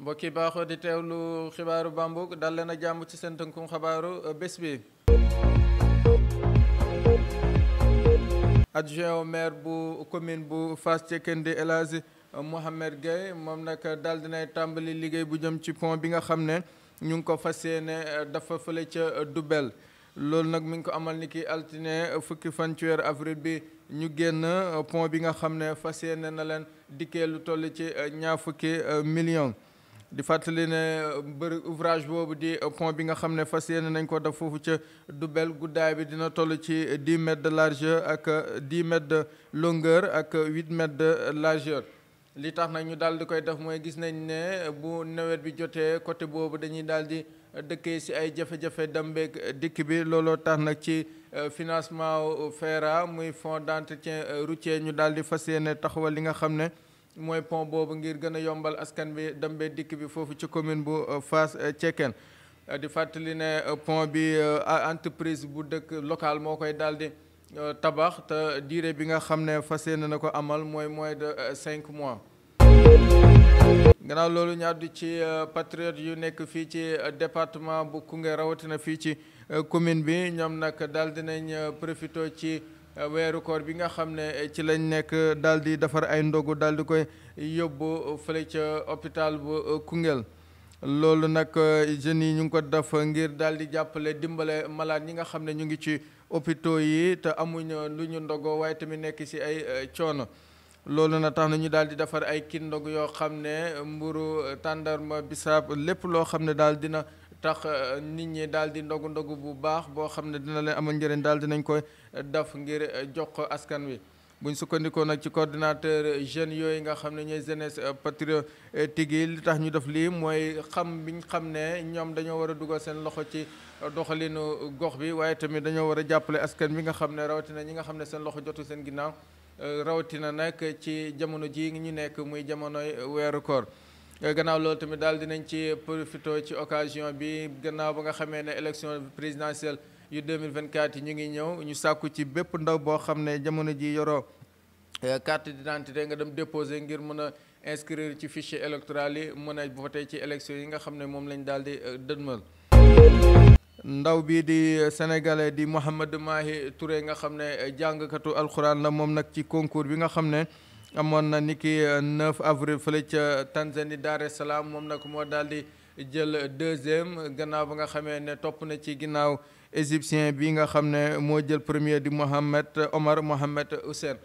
mbokk yi baaxoo di lu xibaaru bambuk dal leen a jàmm ci seen tënkum xabaaru euh, bés bi. adjoint au maire bu commune bu Fass Cekkende El Hadj Mohamed Gueye moom nag daal dinay tàmbali liggéey bu jëm ci pont bi nga xam ne ñu ngi ko fas yéene euh, dafa fële ca euh, Dubel loolu nag mi ngi ko amal ni ki altine fukki fan ci weeru avril bi ñu génn pont bi nga xam ne fas yéene na leen dikkee lu toll ci ñaar fukki million di fàttali ne bër ouvrage boobu di pont bi nga xam ne fas yéene nañ ko def foofu ca Diourbel guddaay bi dina toll ci dix mètres de largeur ak dix mètres de longueur ak huit mètres de largeur. li tax nag ñu daal di koy def mooy gis nañ ne bu nawet bi jotee côté boobu dañuy daal di dëkkee si ay jafe-jafe dembeeg dikk bi looloo tax nag ci euh, financement FERA muy fonds entretien euh, routier ñu daal di fas yéene taxawal li nga xam ne. mooy pont boobu ngir gën a yombal askan bi dem dikk bi foofu ci commune bu euh, Fass Cekkeen euh, euh, di fàttali ne pont bi entreprise bu dëkk local moo koy daal di tabax te diire bi nga xam ne fas yéene na ko amal mooy moins de cinq mois. gannaaw loolu ñu àddu ci patriote yu nekk fii ci département bu Koungheul rawatina fii ci commune bi ñoom nag daal dinañ profito ci. Eh, weeru koor bi nga xam ne eh, ci lañ nekk eh, daal di defar ay ndogu daal koy yóbbu fële ca hôpital bu Koungheul loolu nag jeunes yi ñu ngi ko def ngir daal di jàppale dimbale malaat ñi nga xam ne ñu ngi ci hôpitaux yi te amuñ lu ñu ndogoo waaye tamit nekk si ay coono loolu na tax na ñu daal di defar ay kin ndog yoo xam ne mburu tàndarma bisaab lépp loo xam ne daal dina tax euh, nit ñi daal di ndogu ndogu bu baax boo xam ne dina leen amal njëriñ daal nañ koy euh, daf ngir euh, jox ko askan wi buñ sukkandikoo nag ci coordinateur jeunes yooyu nga xam ne ñooy jeunesse patriotique yi li tax ñu def lii mooy xam biñ xam ne ñoom dañoo war a dugal seen loxo ci doxalinu gox bi waaye tamit dañoo war a jàppale askan wi nga xam ne rawatina ñi nga xam ne seen loxo jotu seen ginnaaw rawatina nag ci jamono ji ñu nekk muy jamonoy weeru koor Eh, gannaaw loolu tamit daal dinañ ci profito ci occasion bi gannaaw ba nga xamee ne élection présidentielle yu 2024 yi ñu ngi ñëw ñu sàkku ci bépp ndaw boo xam ne jamono ji di eh, carte d'identité nga dem déposé ngir mën a inscrire ci fichier électoral yi mën a voté ci élection yi nga xam ne moom lañ daal di eh, dënmal ndaw bii di sénégalais di Mouhamadou Mahi Touré nga xam ne jàngkatu alxuraan la moom nag ci concours bi nga xam ne amoon na niki 9 euh, avril fële ca Tanzanie Dar es Salaam moom nag moo daal di jël deuxième gannaaw ba nga xamee ne topp na ci ginnaaw égyptien bi nga xam ne moo jël premier di Mohamed Omar Mohamed Hussein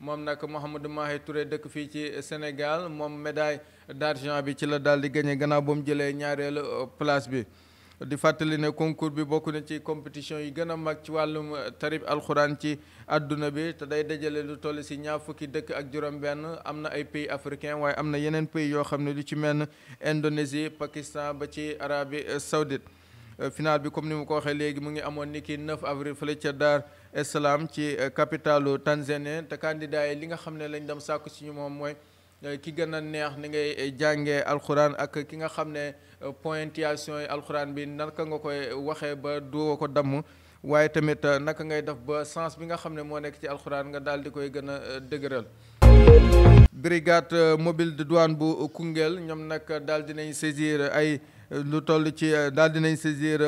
moom nag Mouhamadou Mahi Touré dëkk fii ci Sénégal moom médaille d'argent bi ci la daal di gagné gannaaw ba mu jëlee ñaareelu place bi. di fàttali ne concours bi bokk na ci compétition yi gën a mag ci wàllum euh, tarib alxuraan ci àdduna bi te day dajale lu toll si ñaar fukki dëkk ak juróom-benn am na ay pays africain waaye am na yeneen pays yoo xam ne lu ci mel Indonésie Pakistan ba ci Arabie euh, Saoudite euh, final bi comme ni mu ko waxee léegi mu ngi amoon ni ki 9 avril fële ca Dar es Salaam ci capitalu Tanzanie te candidat yi li nga xam ne lañ dem sàkku si ñu moom mooy. Euh, ki gën a neex ni ngay eh, jàngee alxuraan ak ki nga xam ne euh, pointuation yi alxuraan bi naka nga koy waxee ba doo ko damm waaye tamit euh, naka ngay def ba sens bi nga xam ne moo nekk ci alxuraan nga daal di koy gën a dëgëral. brigade mobile de douane bu Koungheul ñoom nag daal nañ saisir ay lu toll ci daal nañ saisir.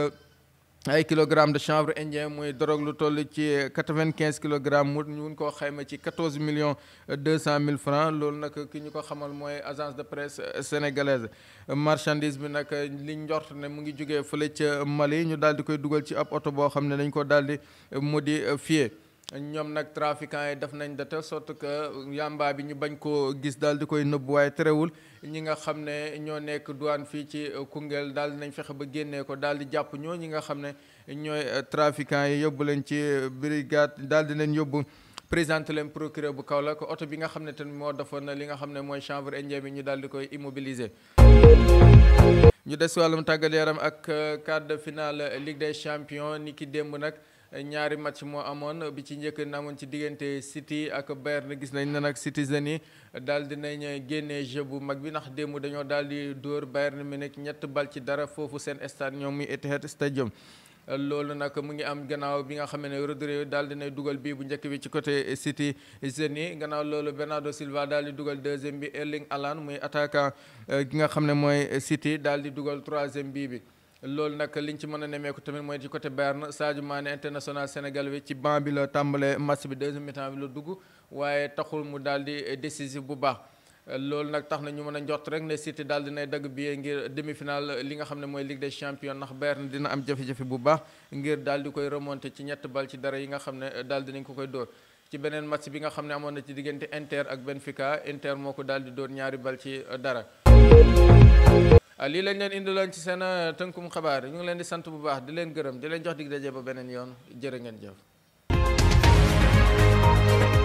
ay kilogramme de chanvre indien mooy dorog lu toll ci quatre-vingt-quinze mu ñu ko xayma ci quatorze millions deux cent mille francs loolu nag ki ñu ko xamal mooy agence de presse sénégalaise marchandise bi nag li njort ne mu ngi jógee fële ca Mali ñu daal di koy dugal ci ab oto boo xam ne dañ ko daal di modifié ñoom nag trafiquants yi def nañ de telle sorte que yamba bi ñu bañ koo gis daal di koy nëbb waaye terewul ñi nga xam ne ñoo nekk douane fii ci Koungheul daal di nañ fexe ba génnee ko daal di jàpp ñoo ñi nga xam ne ñooy trafiquants yi yóbbu leen ci brigade daal di leen yóbbu présenté leen procureur bu Kaolack oto bi nga xam ne tamit moo defoon li nga xam ne mooy chanvre indien bi ñu daal di koy immobiliser. ñu des wàllum tàggat yaram ak quart de finale Ligue des champions ni ki démb nag. ñaari match moo amoon bi ci njëkk namoon ci diggante City ak Bayern gis nañ ne nag Citizen yi daal dinañ génnee jeu bu mag bi ndax démb dañoo daal di dóor Bayern nekk ñett bal ci dara foofu seen stade ñoom muy Etihad Stadium. loolu nag mu ngi am gannaaw bi nga xam ne Rodri daal dinay dugal bii bu njëkk bi ci côté City Zeni gannaaw loolu Bernardo Silva daal di dugal deuxième bi Erling Haaland muy attaquant ki eh, nga xam ne mooy City daal di dugal troisième bii bi. loolu nag liñ ci mën a nemmeeku tamit mooy ci côté Berne Sadio Mané international Sénégal bi ci banc bi la tàmbalee match bi deuxième mi-temps bi la dugg waaye taxul mu daal di décisif bu baax. loolu nag tax na ñu mën a njort rek ne City daal dinay dagg billet ngir demi-finale li nga xam ne mooy Ligue des Champions ndax na dina am jafe-jafe bu baax ngir daal di koy remonter ci ñett bal ci dara yi nga xam ne daal dinañ ko koy dóor. ci beneen match bi nga xam ne amoon na ci diggante Inter ak Benfica Inter moo ko daal di dóor ñaari bal ci dara. Ah, lii lañ leen indiloon ci seen ah, tënkum xabaar ñu ngi leen di sant bu baax di leen gërëm di leen jox dig daje ba beneen yoon jërë ngeen jëf